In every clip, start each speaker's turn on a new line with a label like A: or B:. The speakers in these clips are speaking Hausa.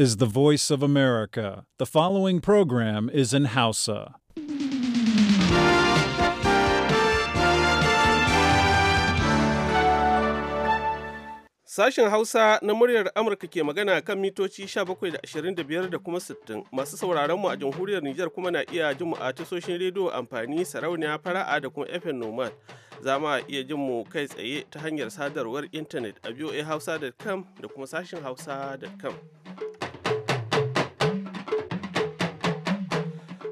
A: is the voice of America. The following program is in Hausa.
B: Sashen Hausa na muryar Amurka ke magana kan mitoci 17.25 da da kuma 60 masu sauraron mu a jamhuriyar Nijar kuma na iya jin mu a tasoshin rediyo amfani sarauniya fara'a da kuma FM Nomad. Za ma iya jin mu kai tsaye ta hanyar sadarwar intanet a voahausa.com da kuma sashen hausa.com.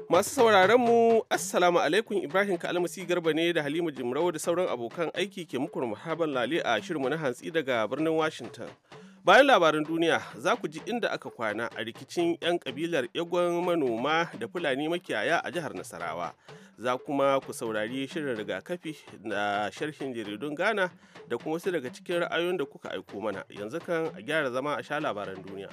B: Masu sauraron mu Assalamu alaikum Ibrahim Kalmasi Garba ne da Halima Jimrawa da sauran abokan aiki ke muku muhabban lale a shirmu na hantsi daga birnin Washington. Bayan labaran duniya za ku ji inda aka kwana a rikicin 'yan kabilar yagon manoma da Fulani makiyaya a jihar Nasarawa. Za kuma ku saurari shirin rigakafi da sharhin jaridun Ghana da kuma wasu daga cikin ra'ayoyin da kuka aiko mana. Yanzu kan a gyara zama a sha labaran duniya.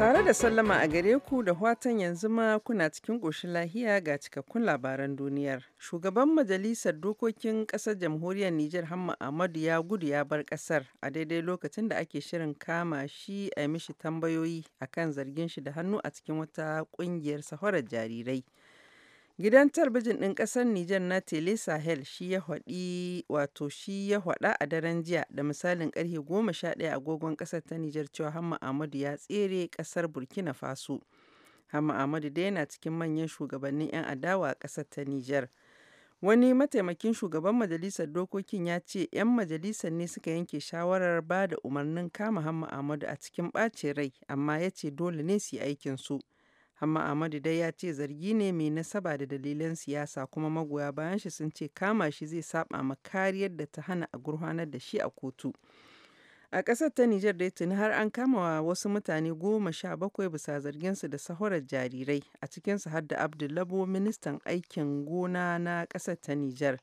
C: Tare da sallama a gare ku da watan yanzu ma kuna cikin ƙoshin lahiya ga cikakkun labaran duniyar. Shugaban Majalisar Dokokin Ƙasar Jamhuriyar Nijar Hamma Ahmadu ya gudu ya bar ƙasar a daidai lokacin da ake shirin kama shi a mishi tambayoyi akan zargin shi da hannu a cikin wata ƙungiyar sahorar jarirai. Gidan talabijin ɗin ƙasar Nijar na Tele Sahel shi ya haɗi wato shi ya haɗa a daren jiya da misalin ƙarhe 11 agogon ƙasar ta Nijar cewa Hamma Ahmadu ya tsere ƙasar Burkina Faso. Hamma Ahmadu dai yana cikin manyan shugabannin 'yan adawa a ƙasar ta Nijar. Wani mataimakin shugaban majalisar dokokin ya ce 'yan majalisar ne suka yanke shawarar ba da umarnin kama Hamma Ahmadu a cikin ɓacin rai amma ya ce dole ne su yi aikinsu. su. amma Ahmadu dai ya ce zargi ne mai nasaba da dalilan siyasa kuma magoya bayan shi sun ce kama shi zai saba ma kariyar da ta hana a gurfanar da shi a kotu. A ƙasar ta Nijar dai tuni har an kama wa wasu mutane goma sha bakwai bisa zarginsu da sahorar jarirai a cikinsu har da Abdullabo ministan aikin gona na ƙasar ta Nijar.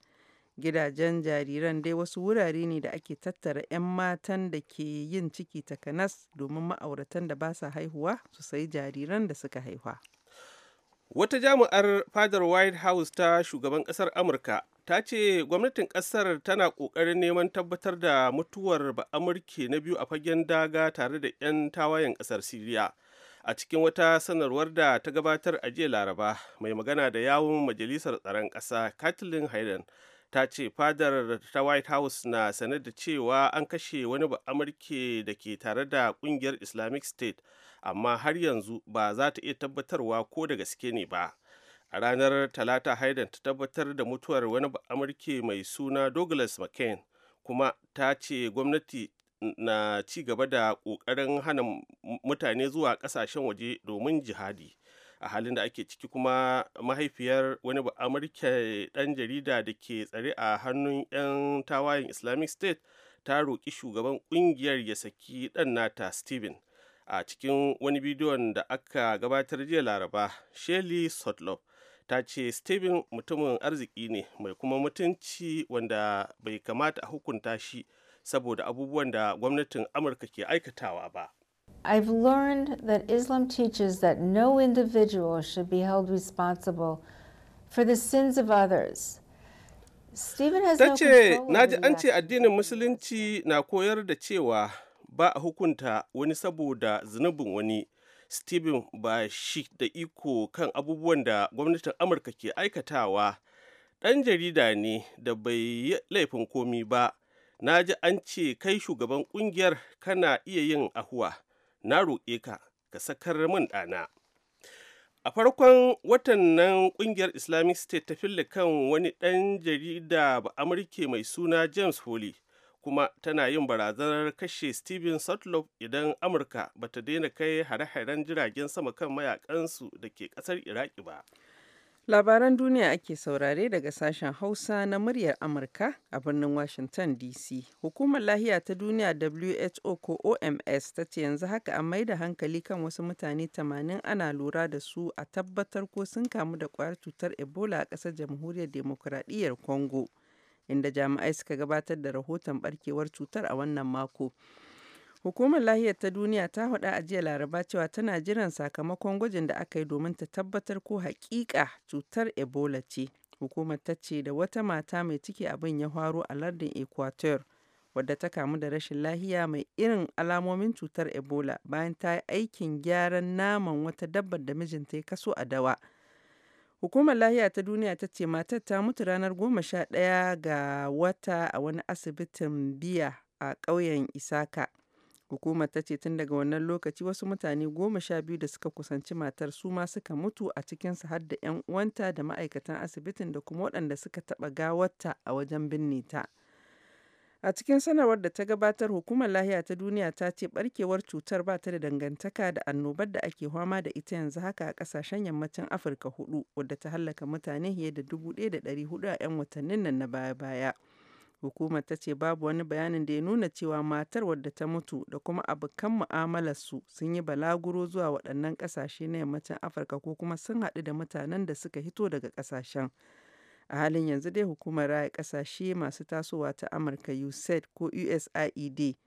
C: Gidajen jariran dai wasu wurare ne da ake tattara 'yan matan da ke yin ciki takanas domin ma'auratan da ba sa haihuwa su sayi jariran da suka haihuwa.
B: Wata jami'ar fadar White House ta shugaban ƙasar Amurka ta ce gwamnatin ƙasar tana ƙoƙarin neman tabbatar da mutuwar ba'amurke na biyu a fagen daga tare da 'yan tawayen ƙasar Siriya. a cikin wata sanarwar da ta gabatar a jiya laraba mai magana da yawun majalisar tsaron ƙasa kathleen hayden ta ce fadar ta white house na sanar da cewa an kashe wani amurke da ke tare da kungiyar islamic state amma har yanzu ba za ta iya tabbatarwa ko da gaske ne ba a ranar talata haidan ta tabbatar da mutuwar wani amurke mai suna douglas mccain kuma ta ce gwamnati na ci gaba da ƙoƙarin hana mutane zuwa ƙasashen waje domin jihadi a halin da ake ciki kuma mahaifiyar wani amurka ɗan jarida da ke tsare a hannun 'yan tawayen islamic state ta roƙi shugaban ƙungiyar ya saki ɗan nata steven a cikin wani bidiyon da aka gabatar jiya laraba shelly sotlop ta ce steven mutumin arziki ne mai kuma mutunci wanda bai kamata a hukunta shi saboda abubuwan da gwamnatin amurka ke aikatawa ba
D: I've learned that
B: Islam teaches that no individual should be held responsible for the sins of others. Stephen has Ta ce, na ji an ce addinin Musulunci na koyar da cewa ba a hukunta wani saboda zunubin wani. Stephen ba shi da iko kan abubuwan da gwamnatin Amurka ke aikatawa. Ɗan jarida ne da bai yi laifin komi ba. Na ji an ce kai shugaban ƙungiyar kana iya yin ahuwa. na roƙe ka ka sakar min ɗana a farkon watan nan ƙungiyar islamic state ta fille kan wani ɗan jarida ba amurke mai suna james foley kuma tana yin barazanar kashe steven sutloff idan amurka ba ta daina kai hare-haren jiragen sama kan mayakansu da ke ƙasar iraki ba
C: Labaran duniya ake saurare daga sashen Hausa na muryar Amurka a birnin Washington DC. Hukumar lahiya ta duniya WHO ko OMS ta ce yanzu haka a mai da hankali kan wasu mutane 80 ana lura da su a tabbatar ko sun kamu da kwayar cutar Ebola a ƙasar Jamhuriyar Demokuraɗiyyar Congo, inda jami'ai suka gabatar da rahoton barkewar cutar a wannan mako. Hukumar Lahiyar ta Duniya ta faɗa a jiya Laraba cewa tana jiran sakamakon gwajin da aka yi domin ta tabbatar ko haƙiƙa cutar Ebola ce. Hukumar ta ce da wata mata mai ciki abin ya faro a lardin equator wadda ta kamu da rashin lahiya mai irin alamomin cutar Ebola bayan ta yi aikin gyaran naman wata dabbar da mijinta ya kaso a dawa. Hukumar Lahiya ta Duniya ta ce matar ta mutu ranar goma sha 11 ga wata a wani asibitin biya a ƙauyen Isaka. Hukumar ta ce tun daga wannan lokaci wasu mutane goma sha biyu da suka kusanci matar su ma suka mutu a cikinsu har da 'yan uwanta da ma'aikatan asibitin da kuma waɗanda suka taɓa gawarta a wajen binne ta. A cikin sanarwar da ta gabatar hukumar lahiya ta duniya ta ce barkewar cutar ba ta da dangantaka da annobar da ake fama da ita yanzu haka a kasashen yammacin Afirka hudu wadda ta hallaka mutane fiye da 1,400 a 'yan watannin nan na baya-baya. Hukumar ta ce babu wani bayanin da ya nuna cewa matar wadda ta mutu da kuma abokan mu'amalarsu sun yi balaguro zuwa waɗannan ƙasashe na yammacin Afirka ko kuma sun haɗu da mutanen da suka hito daga ƙasashen. A halin yanzu dai hukumar raya ƙasashe masu tasowa ta Amurka USAID ko USAID e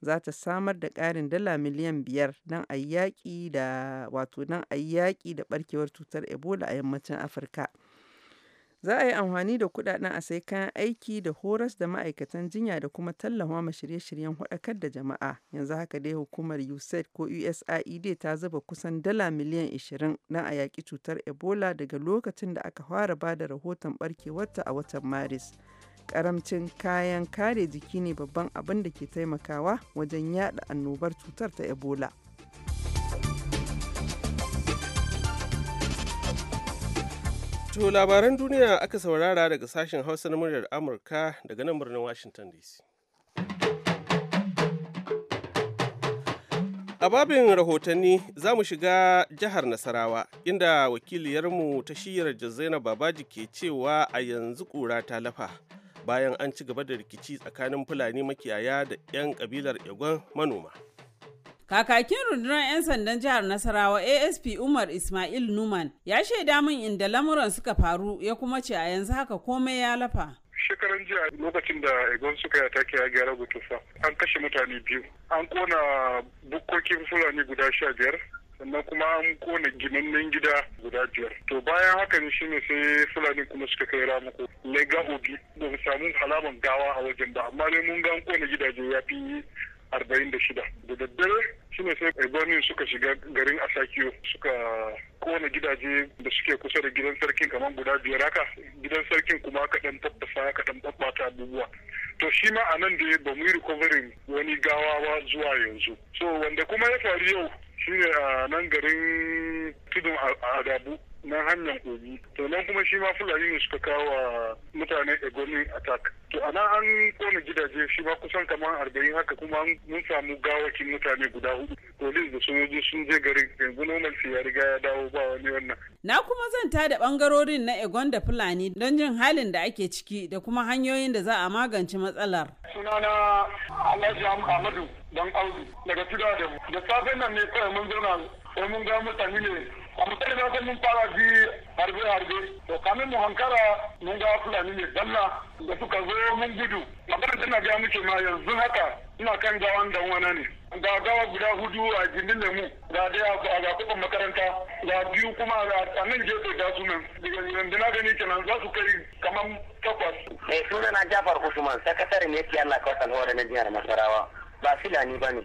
C: za ta samar da ƙarin dala miliyan biyar don a yaƙi da wato don a yaƙi da ɓarkewar cutar Ebola a yammacin Afirka. Za a yi amfani da kuɗaɗen a sai kayan aiki da horas da ma'aikatan jinya da kuma tallafa ma shirye-shiryen hudakar da jama'a. Yanzu haka dai hukumar USAID ko USAID ta zuba kusan dala miliyan 20 na a yaƙi cutar Ebola daga lokacin da aka fara ba da rahoton ɓarkewarta a watan Maris. Karamcin kayan kare jiki ne babban abin da ke taimakawa wajen yada annobar cutar ta Ebola. To labaran duniya
B: aka saurara daga sashen Hausa na muryar Amurka daga nan birnin Washington DC. A babin rahotanni za mu shiga jihar Nasarawa inda wakiliyarmu ta shiyar Jazaina Babaji ke cewa a yanzu ƙura ta lafa bayan an ci gaba da rikici tsakanin Fulani makiyaya da 'yan ƙabilar Egon manoma.
C: Kakakin rundunar 'yan sandan jihar Nasarawa ASP Umar Ismail Numan ya shaida min inda lamuran suka faru ya kuma ce a yanzu haka komai ya lafa.
E: Shekaran jiya lokacin da Egon suka yi ataki a gyara gutufa an kashe mutane biyu. An kona bukkokin Fulani guda sha biyar sannan kuma an kona ginannen gida guda biyar. To bayan haka ne shine sai Fulani kuma suka kai ramuku Lega Obi ba mu samu alaman gawa a wajen ba amma dai mun ga an kona gidaje ya fi arba'in da shida da daddare ne sai ibanin suka shiga garin asakiyo suka kona gidaje da suke kusa da gidan sarkin kamar guda biyar haka gidan sarkin kuma aka dan tabbasa aka dan babbata abubuwa to shi ma a nan da ya ba mu yi recovering wani gawa ba
D: zuwa yanzu so wanda kuma ya faru yau shi
E: ne a nan garin tudun adabu na hanyar kogi to nan kuma shi ma fulani ne suka kawo wa mutane egomi attack to a nan an kona gidaje shi ma kusan kamar arba'in haka kuma mun samu gawakin mutane guda hudu polis da sojoji sun je garin yanzu normal ya riga ya dawo ba wani wannan
C: na kuma zan ta da bangarorin na egon da fulani don jin halin da ake ciki da kuma hanyoyin da za a magance matsalar
E: sunana alhaji ahmadu dan audu daga tuda da mu da safen nan ne kawai mun zauna sai mun ga mutane ne a da wasan mun fara ji harbe-harbe to kamin mu hankara mun ga fulani ne dalla da suka zo mun gudu magana tana gaya muke ma yanzu haka ina kan gawan dan wana ne ga gawa guda hudu a gindin da mu ga a ga kuma makaranta ga biyu kuma a nan gefe da su nan yanzu gani kenan za su
F: kai kamar takwas. mai suna na jafar usman sakatare ne ke allah kawai da na jihar masarawa ba filani ba ne.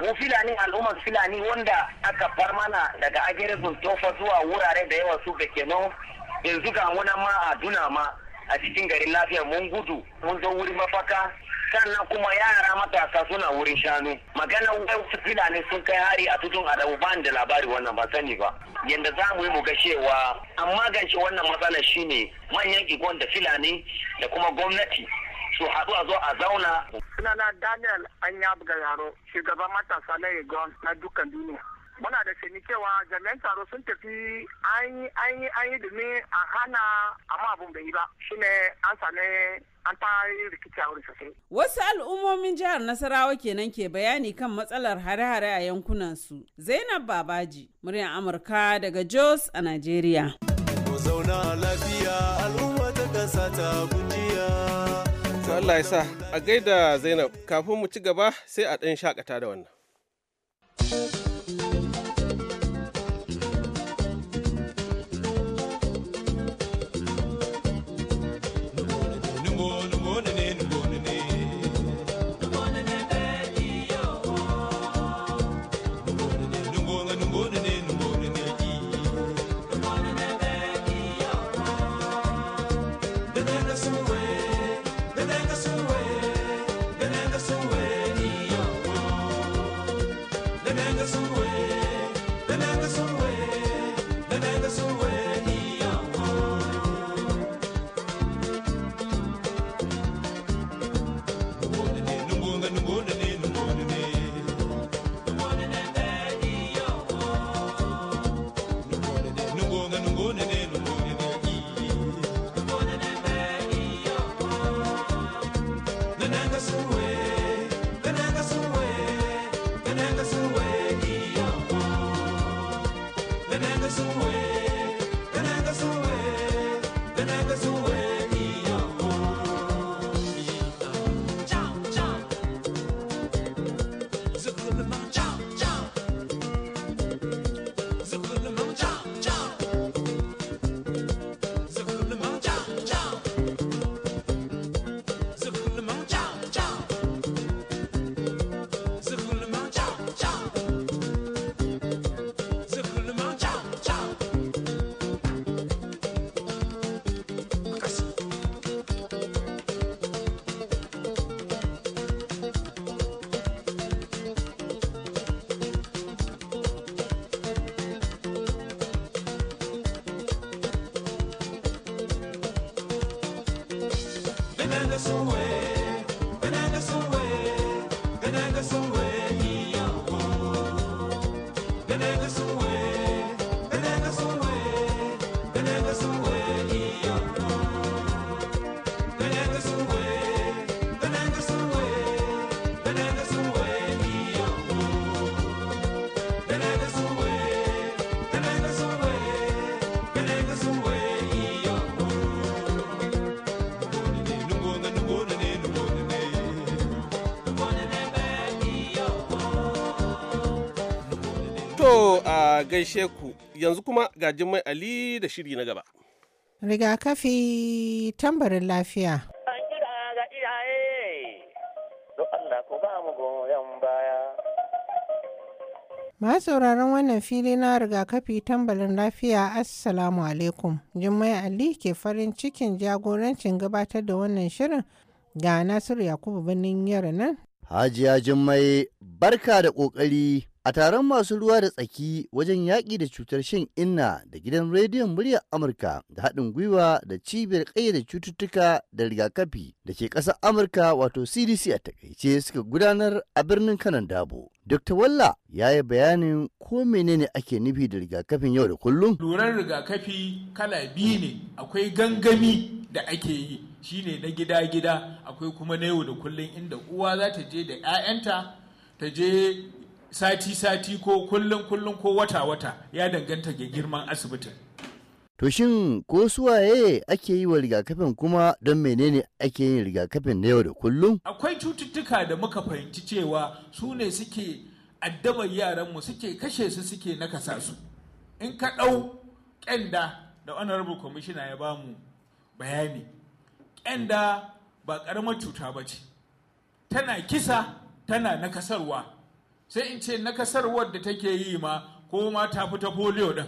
F: mu filani al'ummar filani wanda aka far mana daga ajere tofa zuwa wurare da yawa su nan yanzu ga wani ma a duna ma a cikin garin lafiya mun gudu mun zo wurin mafaka sannan kuma yara matasa suna wurin shanu magana wasu filani sun kai hari a tutun adamu ba da labari wannan ba sani ba yadda za mu yi mu ga cewa an magance wannan matsalar shine manyan igon da filani da kuma
D: gwamnati su haɗu a zo a zauna. Sunana Daniel buga Yaro, shugaban matasa na Egon na dukkan duniya. Muna da shi cewa jami'an tsaro sun tafi an yi an yi an a hana amma abun bai yi ba shine an same an ta yi rikici a wurin sosai.
C: Wasu al'ummomin jihar Nasarawa kenan ke bayani kan matsalar hare-hare a yankunan su. Zainab Babaji, muryar Amurka daga Jos a Najeriya. Ku zauna lafiya al'umma
B: ta kasa ta gujiya. Allah ya sa a gaida Zainab kafin mu ci gaba sai a ɗan shakata da wannan.
G: send us away.
B: To a gaishe ku yanzu kuma ga mai Ali da shiri na gaba.
C: Rigakafi tambarin lafiya. Ma sauraron wannan fili na rigakafi tambalin lafiya Assalamu alaikum. Jummai Ali ke farin cikin jagorancin gabatar da wannan shirin ga Nasiru Yakubu birnin yara nan.
F: Hajiya Jummai barka da ƙoƙari a taron masu ruwa da tsaki wajen yaƙi da cutar shan inna da gidan rediyon muryar amurka da haɗin gwiwa da cibiyar ƙayyade cututtuka da rigakafi da ke ƙasar amurka wato cdc a takaice suka gudanar a birnin kanan dabo dr walla ya yi bayanin ko menene ake nufi da rigakafin yau da
A: kullum lurar rigakafi kala biyu ne akwai gangami da ake yi shine na gida-gida akwai kuma na yau da kullum inda uwa za ta je da 'ya'yanta ta je sati-sati ko kullum-kullum ko wata-wata ya danganta ga girman asibitin.
F: To shin ko suwaye ake yi wa rigakafin kuma don menene ake yin rigakafin na yau da kullum?
A: Akwai cututtuka da muka fahimci cewa su ne suke addabar yaranmu suke kashe su suke nakasa su. In ka ɗau ƙyanda da honorable kwamishina ya ba mu bayani. Ƙyanda ba ƙaramar cuta ba ce. Tana kisa tana nakasarwa. sai in ce na kasar wadda take yi ma ko ma ta fi ta polio din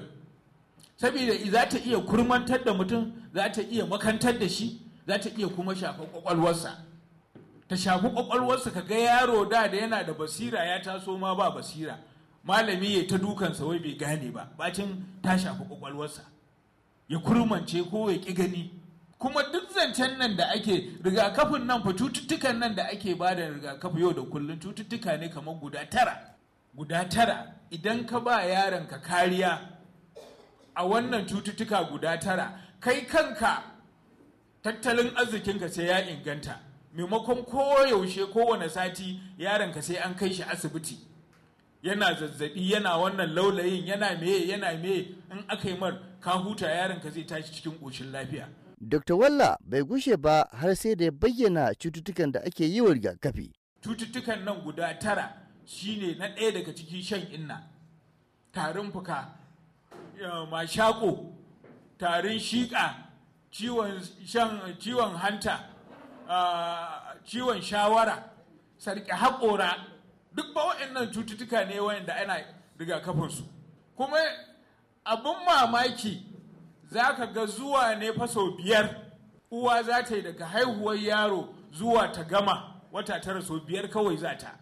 A: saboda za ta iya kurmantar da mutum za ta iya makantar da shi za ta iya kuma shafa kwakwalwarsa ta shafi kwakwalwarsa ka ga yaro da da yana da basira ya taso ma ba basira malami ya ta dukansa wai bai gane ba bacin ta shafi kwakwalwarsa ya kurmance ko ya ƙi gani kuma duk zancen nan da ake rigakafin nan fa cututtukan nan da ake ba da rigakafi yau da kullum cututtuka ne kamar guda tara guda tara idan ka ba yaron ka kariya a wannan cututtuka guda tara kai kanka tattalin arzikinka sai ya inganta maimakon koyaushe kowane sati yaronka sai an kai shi asibiti yana zazzabi yana wannan laulayin yana meye yana meye in aka yi mar ka huta yaronka zai tashi cikin ƙoshin lafiya
F: Dr. Walla bai gushe ba har sai da ya bayyana cututtukan da ake yi wa rigakafi.
A: Cututtukan nan guda tara shine na ɗaya daga cikin shan inna, tarin fuka, mashako, tarin shiƙa, ciwon hanta, ciwon shawara, sarki haƙora, duk ba waɗannan cututtuka ne wayanda ana rigakafinsu. Kuma abin mamaki za ka ga zuwa ne faso biyar uwa za ta yi daga haihuwar yaro zuwa ta gama wata tara so biyar kawai za ta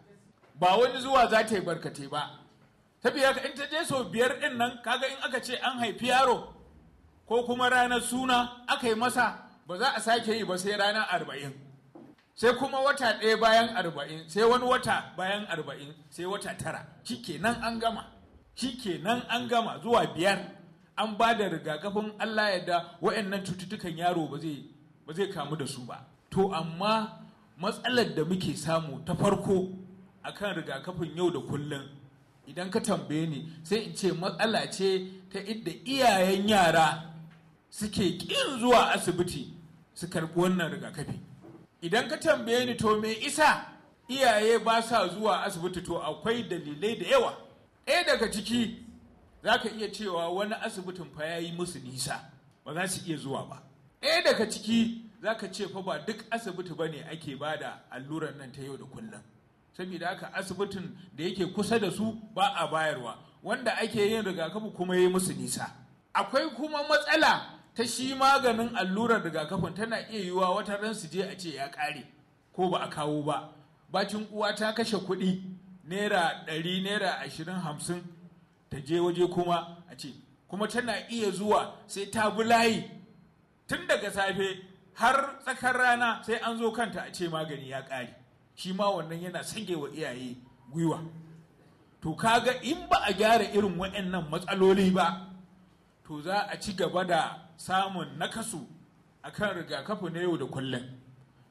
A: ba wani zuwa za ta yi barkate ba biya ka in ta je so biyar din nan kaga in aka ce an haifi yaro ko kuma ranar suna aka yi masa ba za a sake yi ba sai ranar arba'in sai kuma wata ɗaya bayan arba'in sai wani wata bayan arba'in sai wata tara shikenan an gama an gama zuwa biyar an ba da rigakafin Allah ya da wa'annan cututtukan yaro ba zai kamu da su ba to amma matsalar da muke samu ta farko akan rigakafin yau da kullum idan ka tambaye ni sai in ce matsala ce ta idda iyayen yara suke ƙin zuwa asibiti su karɓi wannan rigakafi idan ka tambaye ni to me isa iyaye ba sa zuwa asibiti to akwai dalilai da yawa ɗaya daga ciki za ka iya cewa wani asibitin fa ya yi musu nisa ba za su iya zuwa ba ɗaya daga ciki za ka ce fa ba duk asibiti ba ne ake ba da allurar nan ta yau da kullum saboda haka asibitin da yake kusa da su ba a bayarwa wanda ake yin rigakafi kuma ya yi musu nisa akwai kuma matsala ta shi maganin allurar rigakafin tana iya yiwuwa wata ran su je a ce ya ƙare ko ba a kawo ba bacin uwa ta kashe kuɗi naira ɗari naira ashirin hamsin ta je waje kuma a ce kuma tana iya zuwa sai ta bi layi tun daga safe har tsakar rana sai an zo kanta a ce magani ya ƙare shi ma wannan yana sange wa iyaye gwiwa to kaga in ba a gyara irin waɗannan matsaloli ba to za a ci gaba da samun nakasu akan rigakafi na yau da kullum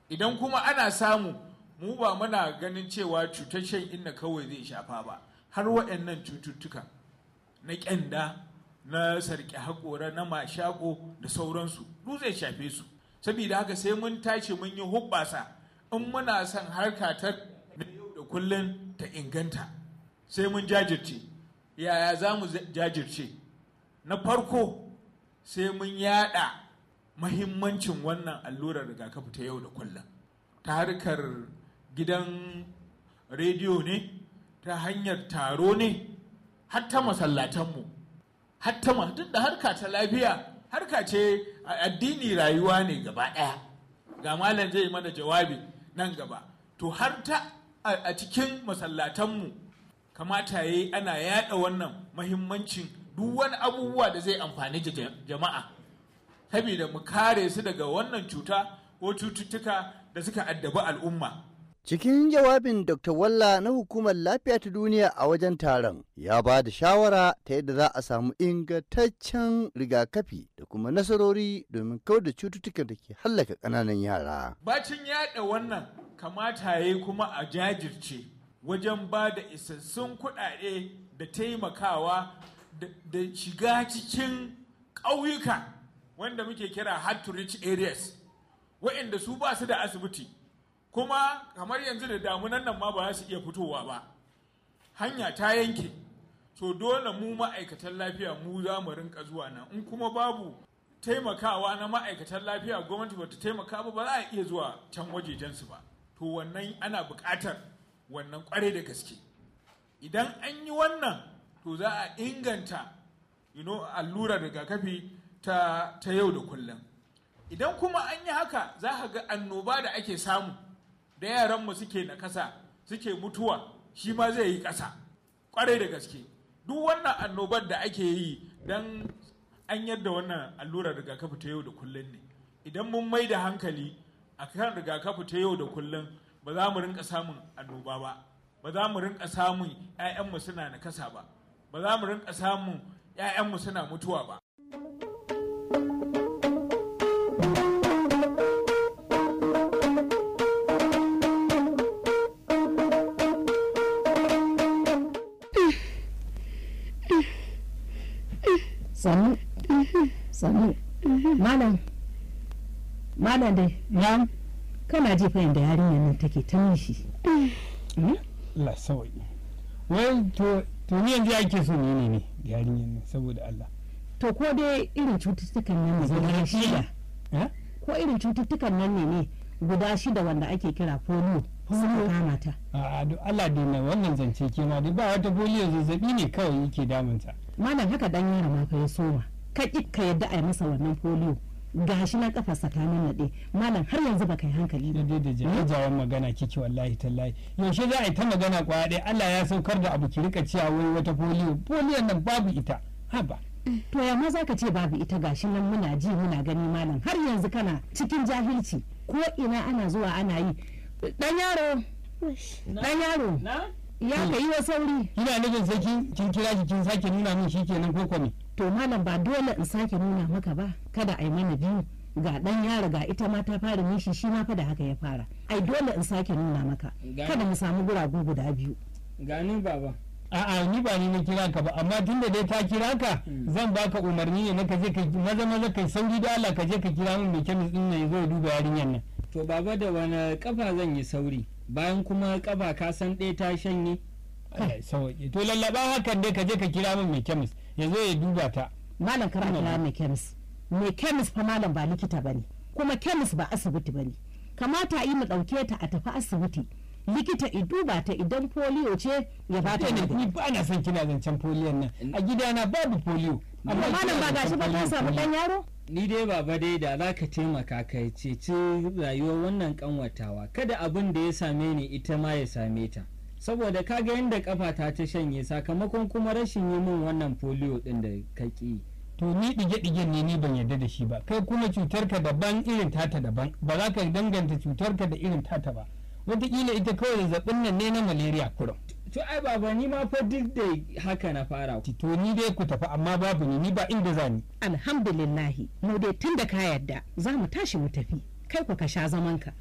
A: idan kuma ana samu mu ba muna ganin cewa cutar shan inna kawai zai shafa ba har waɗannan cututtuka na kyanda na sarki haƙora na mashako da sauransu duk zai shafe su saboda haka sai mun tashi mun yi hubbasa in muna son harka ta yau da kullum ta inganta sai mun jajirce yaya za mu jajirce na farko sai mun yada mahimmancin wannan allurar rigakafi ta yau da kullum ta harkar gidan rediyo ne ta hanyar taro ne hatta masallatanmu hatta duk da harka ta lafiya harka ce addini rayuwa ne gaba ɗaya ga malam zai mana jawabi nan gaba to har ta a cikin masallatanmu kamata yi ana yada wannan mahimmancin duk wani abubuwa da zai amfani jama'a saboda mu kare su daga wannan cuta ko cututtuka da suka addabi al'umma
F: Cikin jawabin Dr. Walla na Hukumar Lafiya ta Duniya a wajen taron ya ba da shawara ta yadda za a samu ingantaccen rigakafi da kuma nasarori domin kawar da cututtukan da ke hallaka ƙananan yara.
A: Bacin yaɗa wannan kamata ya kuma a jajirce wajen ba da isassun kuɗaɗe da taimakawa da shiga cikin ƙauyuka wanda muke kira hard to reach areas su ba da asibiti. kuma kamar yanzu da damunan nan ma ba za su iya fitowa ba hanya ta yanke so dole mu ma'aikatan lafiya mu za mu rinka zuwa nan in kuma babu taimakawa na ma'aikatan lafiya gwamnati ba ta taimaka ba ba za a iya zuwa can wajejensu ba to wannan ana buƙatar wannan kwarai da gaske idan an yi wannan to za a inganta you know, allurar rigakafi ta, ta yau da kullum idan kuma an yi haka za ka ga annoba da ake samu da yaranmu suke na kasa suke mutuwa shi ma zai yi kasa kwarai da gaske duk wannan annobar da ake yi don an yadda wannan allurar rigakafi ta yau da kullum ne idan mun mai da hankali a kan rigakafi ta yau da kullum ba za mu rinka samun annoba ba ba za mu rinka samun 'ya'yanmu suna nakasa ba ba za mu rinka samun 'ya'yanmu suna mutuwa ba
E: Sani. Sani. Malam. Malam dai. Na'am. Kana ji fa yanda yarinyar nan take ta mishi. Allah sawai. Wai ni yanzu ake so ne ne ne yarinyar
A: saboda Allah.
E: To ko dai irin cututtukan nan guda shida. Eh? Ko irin cututtukan nan ne ne guda shida wanda ake kira polio. polio oh. kama ta a Allah dina wannan zance ke ma dai ba wata polio zazzabi ne kawai yake damunta malam haka dan yaro ma fa ya soma ka ka yadda a masa wannan polio gashi na kafa tsakanin nade malam har yanzu baka yi hankali ba da hmm? jawon magana kike wallahi tallahi yaushe za a yi ta magana kwaya ɗaya Allah ya saukar da abu ki rika cewa wai wata polio polio nan babu ita haba to ya ma zaka ce babu ita gashi nan muna ji muna gani malam har yanzu kana cikin jahilci ko ina ana zuwa ana yi dan yaro dan yaro ya ka yi wa sauri ina nufin sai kin kira shi kin sake nuna min shikenan kenan ko to malam ba dole in sake nuna maka ba kada ai mana biyu ga dan yaro ga ita ma ta fara nishi shi ma fa da haka ya fara ai dole in sake nuna maka kada mu samu guragu guda biyu gani baba a'a ni ba ni na kira ka ba amma tun da dai ta kira ka hmm. zan baka umarni ne na ka ka maza maza kai sauri da Allah ka je ka kira min mai kemis din ne zo duba yarinyar nan to baba da wani kafa zan yi sauri bayan kuma kafa ka san ɗaya ta shanye eh, to lallaba hakan dai ka je ka kira min mai kemis ya zo ya duba ta malam kar mai kemis mai kemis fa malam ba likita bane kuma kemis ba asibiti bane kamata yi mu ɗauke ta a tafi asibiti likita i duba ta idan polio ce ya ba ta ni ba na son kina zancen polio nan a gidana babu polio amma malam ba gashi ba ka samu dan yaro ni dai baba dai da za ka taimaka ka ceci rayuwar wannan kanwatawa kada abin da ya same ni ita ma ya same ta saboda ka ga yadda kafa ta ta shanye sakamakon kuma rashin yi min wannan polio din da ka ki to ni dige-dige ne ni ban yarda da shi ba kai kuma cutar ka daban irin tata daban ba za ka danganta cutar ka da irin tata ba wataƙila ita kawai zazzabin nan ne na malaria kurum to ai baba ni ma fa duk da haka na fara to ni dai ku tafi amma babu ni ni ba inda za ni alhamdulillahi mu dai tunda ka yarda za mu tashi mu tafi kai ku ka sha zaman ka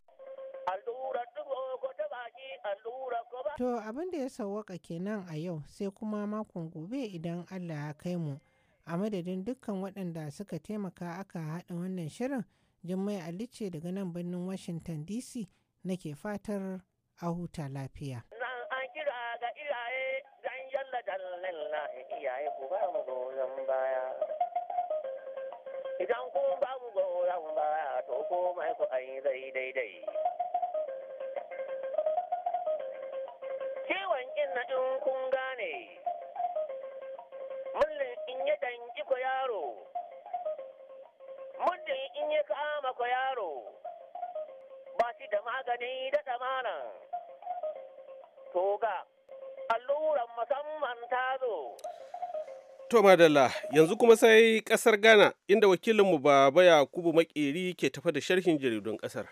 C: To abin da ya sauwaka kenan a yau sai kuma makon gobe idan Allah ya kai mu a madadin dukkan waɗanda suka taimaka aka haɗa wannan shirin Jummai Ali ce daga nan birnin Washington DC nake fatar a huta lafiya.
G: iyaye ba mu baya idan kun ba mu goyon baya to komai ku ayi zai daidai ciwon inna in kun gane mullin in ya danki ku yaro muddin in ya kama ku yaro ba shi da magani da tsamanan to ga alluran musamman
B: ta zo To madalla yanzu kuma sai ƙasar Ghana inda wakilinmu Baba Yakubu Makeri ke tafa da sharhin
D: jaridun ƙasar.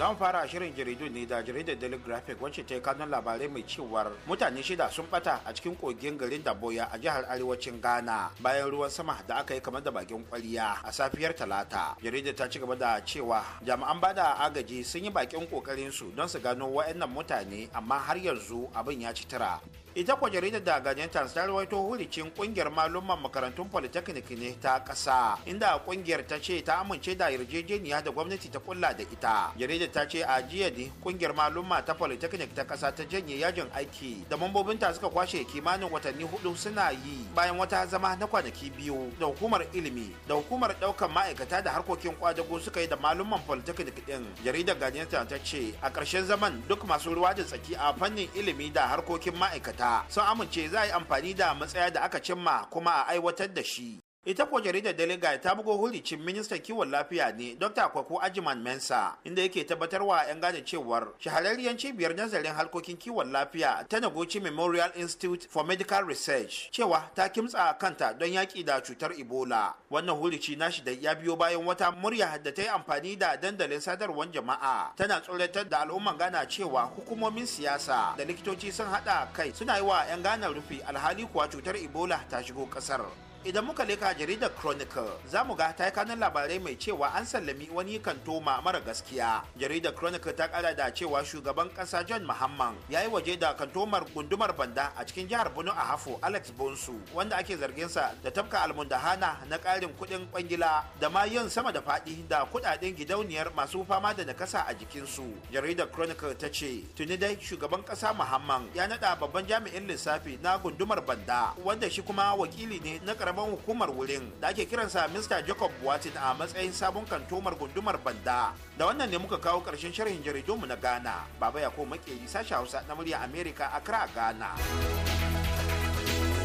D: za mu fara shirin jaridu ne da jaridar daily graphic wacce ta yi kanun labarai mai cewar mutane shida sun bata a cikin kogin garin da boya a jihar arewacin ghana bayan ruwan sama da aka yi kamar da bakin kwaliya a safiyar talata jaridar ta ci gaba da cewa jami'an bada agaji sun yi bakin kokarin su don su gano wa'annan mutane amma har yanzu abin ya ci tira ita kwa jaridar da su ta rawaito hulicin kungiyar malumman makarantun polytechnic ne ta kasa inda kungiyar ta ce ta amince da yarjejeniya da gwamnati ta kulla da ita jaridar ta ce a jiya ne kungiyar malumma ta polytechnic ta kasa ta janye yajin aiki da mambobinta suka kwashe kimanin watanni hudu suna yi bayan wata zama na kwanaki biyu da hukumar ilimi da hukumar ɗaukar ma'aikata da harkokin kwadago suka yi da malumman polytechnic din jaridar gajiyar ta ce a ƙarshen zaman duk masu ruwa da tsaki a fannin ilimi da harkokin ma'aikata sun amince za a yi amfani da matsaya da aka cimma kuma a aiwatar da shi. Ita ko jaridar Delegate ta bugo hulicin ministan kiwon lafiya ne Dr. Kwaku Ajiman Mensa inda yake tabbatarwa 'yan gane cewar shahararriyar cibiyar nazarin harkokin kiwon lafiya ta Nagoci Memorial Institute for Medical Research cewa ta kimtsa kanta don yaƙi da cutar Ebola. Wannan hulici nashi da ya biyo bayan wata murya da ta yi amfani da dandalin sadarwar jama'a tana tsoratar da al'umman gana cewa hukumomin siyasa da likitoci sun haɗa kai suna yi wa 'yan Ghana rufi alhali kuwa cutar Ebola ta shigo ƙasar. idan muka leka jaridar chronicle za mu ga ta yi labarai mai cewa an sallami wani kantoma mara gaskiya jaridar chronicle ta kara da cewa shugaban kasa john mahamman ya yi waje da kantomar gundumar banda a cikin jihar bono a hafo alex bonsu wanda ake zargin sa da tafka almundahana na karin kudin kwangila da ma yin sama da faɗi da kudaden gidauniyar masu fama da nakasa a jikin su. jaridar chronicle ta ce tuni dai shugaban kasa mahamman ya naɗa babban jami'in lissafi na gundumar banda wanda shi kuma wakili ne na karamin hukumar wurin da ake kiransa Mr. Jacob Watin a matsayin sabon kantomar gundumar banda. Da wannan ne muka kawo karshen sharhin jaridunmu na Ghana. Baba Yakubu Makeri sashi Hausa na murya a kira Ghana.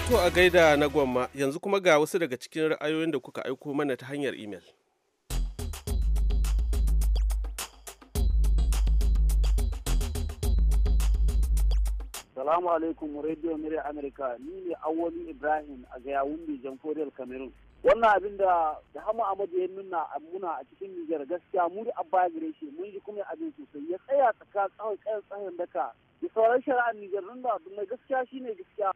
B: To a gaida na gwamma yanzu kuma ga wasu daga cikin ra'ayoyin da kuka aiko mana ta hanyar imel.
D: Salamu alaikum Radio Murya Amerika ni ne Awali Ibrahim a Gayawun Nijan Kodiyar Cameroon. Wannan abin da da hama Amadu ya nuna muna a cikin Niger gaskiya mu da abba gare shi mun ji kuma abin sosai ya tsaya tsaka tsawon tsayin tsayin daka da sauran shari'ar Niger nan da mai gaskiya shine gaskiya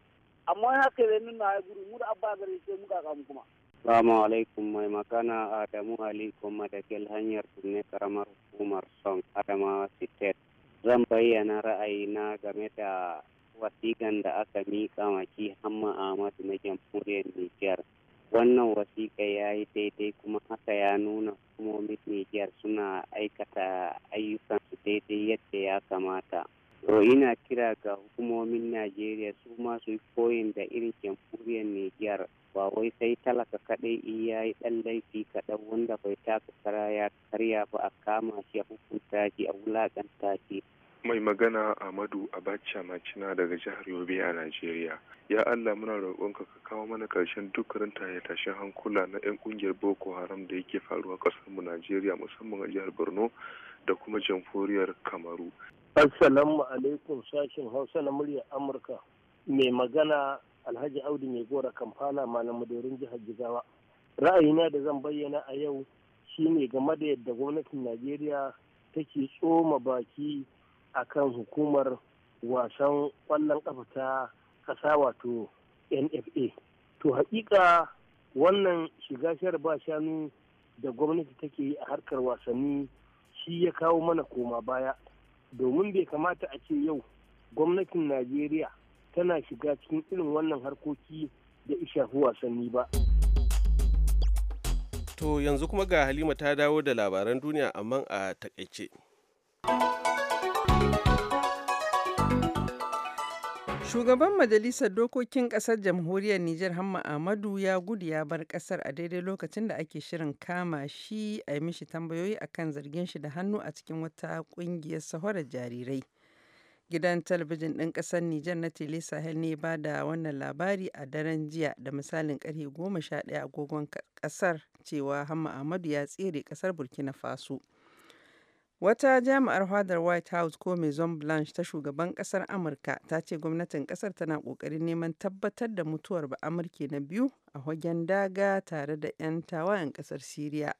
D: amma haka ya nuna ya guri mu da abba gare shi mu kaka mu kuma.
B: Salamu alaikum mai makana Adamu Ali kuma da hanyar tunne karamar hukumar Song Adamawa State. zan bayyana ra'ayina game da wasiƙan da aka miƙa maki hamma masu na jamhuriyar nijar wannan wasiƙa ya yi daidai kuma haka ya nuna hukumomin nijar suna aikata ayyukansu daidai yadda ya kamata ina kira ga hukumomin najeriya su ma su koyin da irin kemfuriyar nijiyar ba wai sai talaka kadai iya yi dan
D: laifi kaɗan wanda bai taka kara ya karya ba a kama shi a hukunta shi a wulakanta shi mai magana Amadu Abacha Macina daga jihar Yobe a Najeriya. Ya Allah muna roƙonka ka kawo mana ƙarshen dukkanin tashe-tashen hankula na 'yan ƙungiyar Boko Haram da yake faruwa ƙasarmu Najeriya musamman a jihar Borno da kuma jamhuriyar Kamaru. Assalamu alaikum sashen Hausa na muryar Amurka. Mai magana Alhaji Audu mai gora Kamfala malamu dorin jihar Jigawa. Ra'ayina da zan bayyana a yau shine game da yadda gwamnatin Najeriya take tsoma baki a kan hukumar wasan ƙwallon ƙafa ta ƙasa wato NFA. To haƙiƙa wannan shiga shar ba shanu da gwamnati take yi a harkar wasanni shi ya kawo mana koma baya
E: domin bai kamata
D: a ce yau gwamnatin najeriya tana shiga cikin irin wannan harkoki da ishafi wasanni ba
B: to yanzu kuma ga halima ta dawo da labaran duniya amma a takaice.
C: Shugaban Majalisar Dokokin Ƙasar Jamhuriyar Nijar Hamma Ahmadu ya gudu ya bar ƙasar a daidai lokacin da ake shirin kama shi a yi mishi tambayoyi a kan zargin shi da hannu a cikin wata ƙungiyar sahorar jarirai. Gidan talabijin ɗin ƙasar Nijar na Tele Sahel ne ba da wannan labari a daren jiya da misalin ƙarfe goma sha ɗaya agogon ƙasar cewa Hamma Ahmadu ya tsere ƙasar Burkina Faso. Wata jami'ar fadar White House ko Maison Blanche ta shugaban kasar Amurka ta ce gwamnatin kasar tana kokarin neman tabbatar da mutuwar ba'amurke na biyu a wajen daga tare da 'yan tawayen kasar Siriya.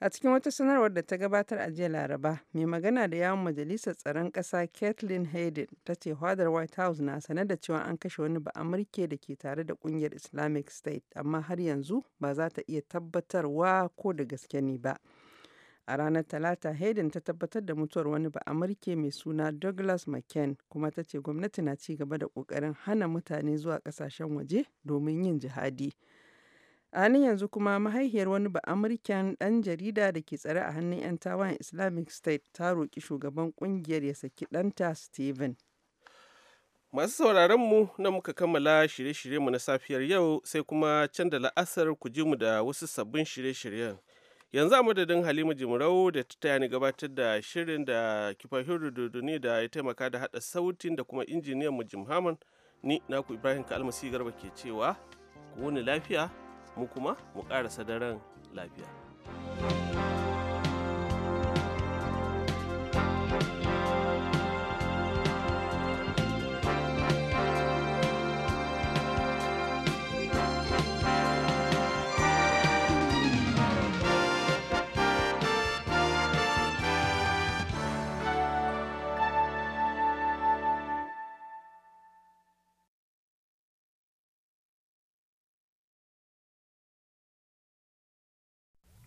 C: A cikin wata sanarwar da ta gabatar a jiya Laraba, mai magana da yawon Majalisar Tsaron Ƙasa Kathleen Hayden ta ce fadar White House na sane da cewa an kashe wani ba'amurke da ke tare da ƙungiyar Islamic State, amma har yanzu ba za ta iya tabbatarwa ko da gaske ne ba. A ranar Talata, Hayden ta tabbatar da mutuwar wani Ba'amurke mai suna Douglas McCain kuma ta ce gwamnati na ci gaba da kokarin hana mutane zuwa kasashen waje domin yin jihadi. A halin yanzu kuma mahaihiyar wani Ba'amurken ɗan jarida da ke tsare a hannun 'yan tawayen Islamic State ta roƙi shugaban kungiyar ya saki ɗanta Steven. Masu sauraron mu na muka
B: kammala shirye-shiryenmu na safiyar yau sai kuma can da la'asar ku ji mu da wasu sabbin shirye-shiryen. yanzu a madadin halima jimarau da ta taya ni gabatar da shirin da kifahiru dodoni da ya taimaka da hada sautin da kuma injiniyan mu jim ni naku ibrahim kalmasi garba ke cewa ku wani lafiya mu kuma mu karasa daren lafiya